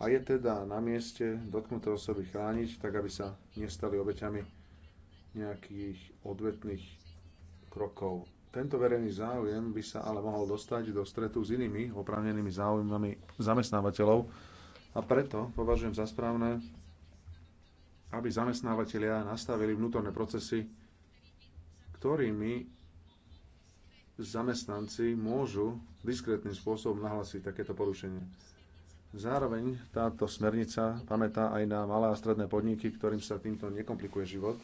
a je teda na mieste dotknuté osoby chrániť, tak aby sa nestali obeťami nejakých odvetných krokov. Tento verejný záujem by sa ale mohol dostať do stretu s inými oprávnenými záujmami zamestnávateľov, a preto považujem za správne, aby zamestnávateľia nastavili vnútorné procesy, ktorými zamestnanci môžu diskrétnym spôsobom nahlasiť takéto porušenie. Zároveň táto smernica pamätá aj na malé a stredné podniky, ktorým sa týmto nekomplikuje život.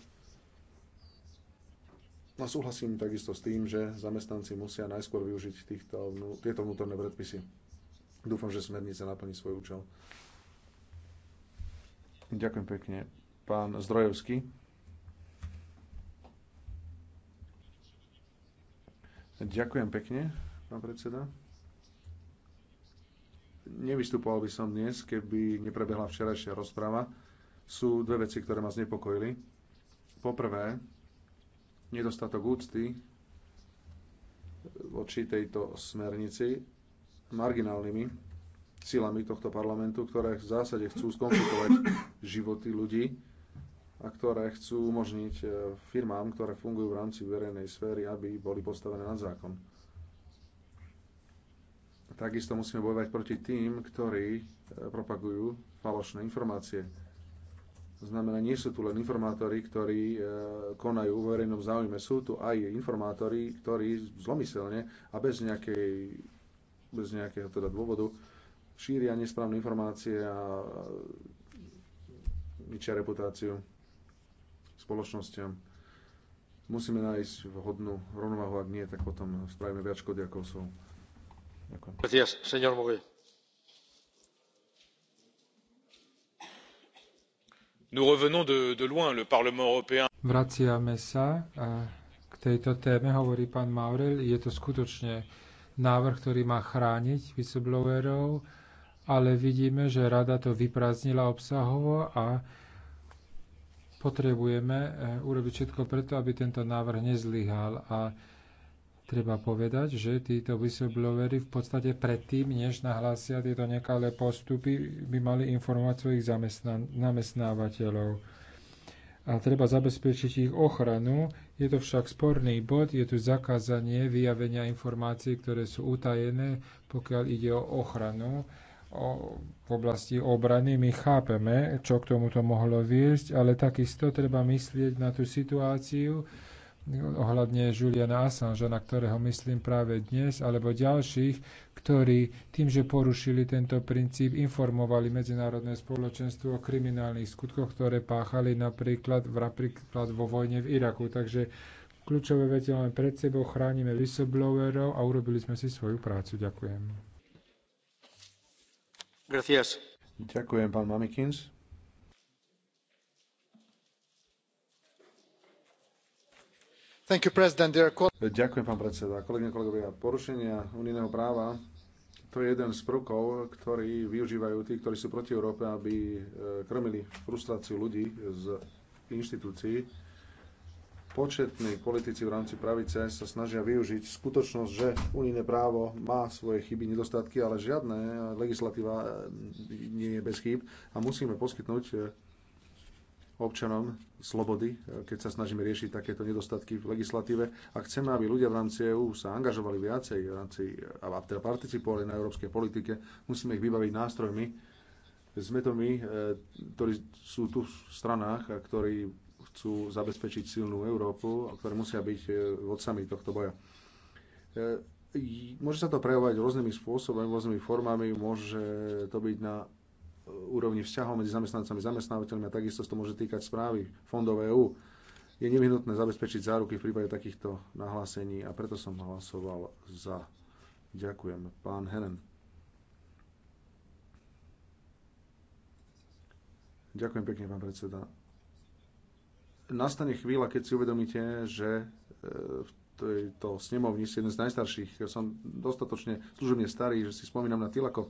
A súhlasím takisto s tým, že zamestnanci musia najskôr využiť týchto, tieto vnútorné predpisy. Dúfam, že smernica naplní svoj účel. Ďakujem pekne. Pán Zdrojevský. Ďakujem pekne, pán predseda. Nevystupoval by som dnes, keby neprebehla včerajšia rozpráva. Sú dve veci, ktoré ma znepokojili. Poprvé, nedostatok úcty voči tejto smernici marginálnymi silami tohto parlamentu, ktoré v zásade chcú skomplikovať životy ľudí a ktoré chcú umožniť e, firmám, ktoré fungujú v rámci verejnej sféry, aby boli postavené na zákon. Takisto musíme bojovať proti tým, ktorí e, propagujú falošné informácie. To znamená, nie sú tu len informátori, ktorí e, konajú v verejnom záujme, sú tu aj informátori, ktorí zlomyselne a bez nejakej bez nejakého teda dôvodu šíria nesprávne informácie a ničia reputáciu spoločnosťam. Musíme nájsť vhodnú rovnováhu, ak nie, tak potom spravíme viac škody ako sú. Ďakujem. Gracias, señor Nous revenons de, de loin, le Parlement européen. Vraciame sa k tejto téme, hovorí pán Maurel. Je to skutočne návrh, ktorý má chrániť whistleblowerov, ale vidíme, že rada to vyprázdnila obsahovo a potrebujeme eh, urobiť všetko preto, aby tento návrh nezlyhal. A treba povedať, že títo whistleblowery v podstate predtým, než nahlásia tieto nekalé postupy, by mali informovať svojich zamestnávateľov a treba zabezpečiť ich ochranu. Je to však sporný bod, je tu zakázanie vyjavenia informácií, ktoré sú utajené, pokiaľ ide o ochranu. O, v oblasti obrany my chápeme, čo k tomuto mohlo viesť, ale takisto treba myslieť na tú situáciu, ohľadne Juliana Assange, na ktorého myslím práve dnes, alebo ďalších, ktorí tým, že porušili tento princíp, informovali medzinárodné spoločenstvo o kriminálnych skutkoch, ktoré páchali napríklad, napríklad vo vojne v Iraku. Takže kľúčové veci máme pred sebou, chránime whistleblowerov a urobili sme si svoju prácu. Ďakujem. Gracias. Ďakujem, pán Mamikins. Ďakujem, pán predseda. Kolegyne, kolegovia, porušenia unijného práva to je jeden z prvkov, ktorý využívajú tí, ktorí sú proti Európe, aby e, krmili frustráciu ľudí z inštitúcií. Početní politici v rámci pravice sa snažia využiť skutočnosť, že unijné právo má svoje chyby, nedostatky, ale žiadne legislatíva e, nie je bez chýb a musíme poskytnúť e, občanom slobody, e, keď sa snažíme riešiť takéto nedostatky v legislatíve. A chceme, aby ľudia v rámci EÚ sa angažovali viacej, v rámci, a teda participovali na európskej politike, musíme ich vybaviť nástrojmi. Sme to my, e, ktorí sú tu v stranách a ktorí chcú zabezpečiť silnú Európu a ktoré musia byť e, vodcami tohto boja. Môže sa to prejavovať rôznymi spôsobami, rôznymi formami, môže to byť na úrovni vzťahov medzi zamestnancami a zamestnávateľmi a takisto sa to môže týkať správy fondov EÚ. Je nevyhnutné zabezpečiť záruky v prípade takýchto nahlásení a preto som hlasoval za. Ďakujem. Pán Helen. Ďakujem pekne, pán predseda. Nastane chvíľa, keď si uvedomíte, že e, v tejto snemovni si jeden z najstarších. Ja som dostatočne služobne starý, že si spomínam na Tilakov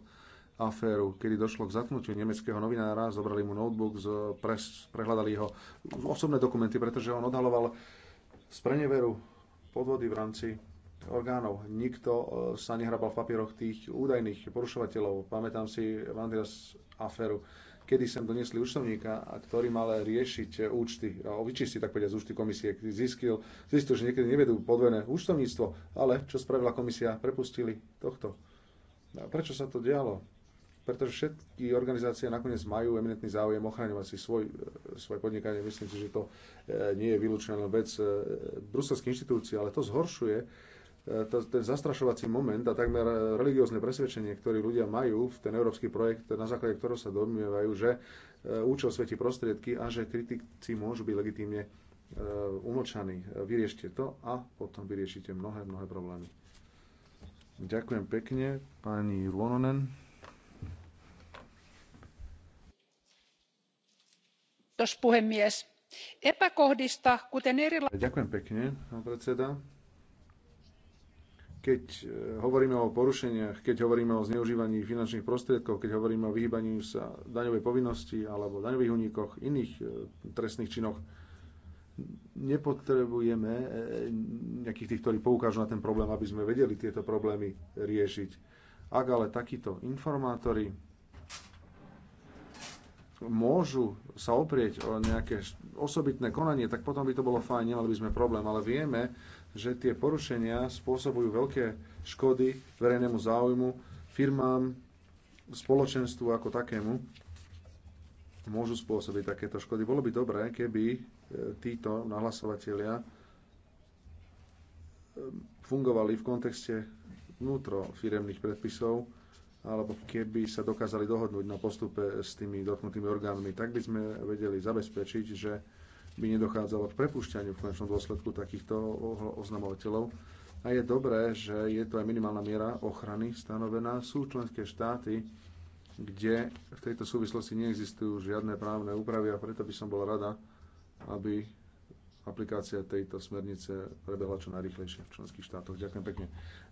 aféru, kedy došlo k zatknutiu nemeckého novinára, zobrali mu notebook, z pre, prehľadali jeho osobné dokumenty, pretože on odhaloval z preneveru podvody v rámci orgánov. Nikto e, sa nehrabal v papieroch tých údajných porušovateľov. Pamätám si Vandias aféru, kedy sem doniesli účtovníka, ktorý mal riešiť účty, a vyčistiť tak povedať z účty komisie, kedy zistil, zistil, že niekedy nevedú podvené účtovníctvo, ale čo spravila komisia, prepustili tohto. A prečo sa to dialo? pretože všetky organizácie nakoniec majú eminentný záujem ochraňovať si svoj, e, svoje podnikanie. Myslím si, že to e, nie je vylúčená vec e, bruselských inštitúcií, ale to zhoršuje to, ten zastrašovací moment a takmer religiózne presvedčenie, ktoré ľudia majú v ten európsky projekt, na základe ktorého sa domnievajú, že účel svetí prostriedky a že kritici môžu byť legitímne umlčaní. Vyriešte to a potom vyriešite mnohé, mnohé problémy. Ďakujem pekne, pani Lononen. arvoisa puhemies epäkohdista kuten Ďakujem pekne, predseda. Keď e, hovoríme o porušeniach, keď hovoríme o zneužívaní finančných prostriedkov, keď hovoríme o vyhýbaní sa daňovej povinnosti alebo daňových únikoch, iných e, trestných činoch, nepotrebujeme e, nejakých tých, ktorí poukážu na ten problém, aby sme vedeli tieto problémy riešiť. Ak ale takíto informátori môžu sa oprieť o nejaké osobitné konanie, tak potom by to bolo fajn, nemali by sme problém, ale vieme, že tie porušenia spôsobujú veľké škody verejnému záujmu, firmám, spoločenstvu ako takému. Môžu spôsobiť takéto škody. Bolo by dobré, keby e, títo nahlasovatelia e, fungovali v kontexte vnútro firemných predpisov, alebo keby sa dokázali dohodnúť na postupe s tými dotknutými orgánmi, tak by sme vedeli zabezpečiť, že by nedochádzalo k prepušťaniu v konečnom dôsledku takýchto oznamovateľov. A je dobré, že je to aj minimálna miera ochrany stanovená. Sú členské štáty, kde v tejto súvislosti neexistujú žiadne právne úpravy a preto by som bol rada, aby aplikácia tejto smernice prebehla čo najrychlejšie v členských štátoch. Ďakujem pekne.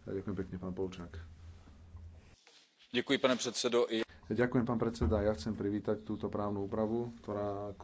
Ďakujem pekne, pán Polčák. Ďakujem, pán predseda. Ďakujem, Ja chcem privítať túto právnu úpravu, ktorá konečne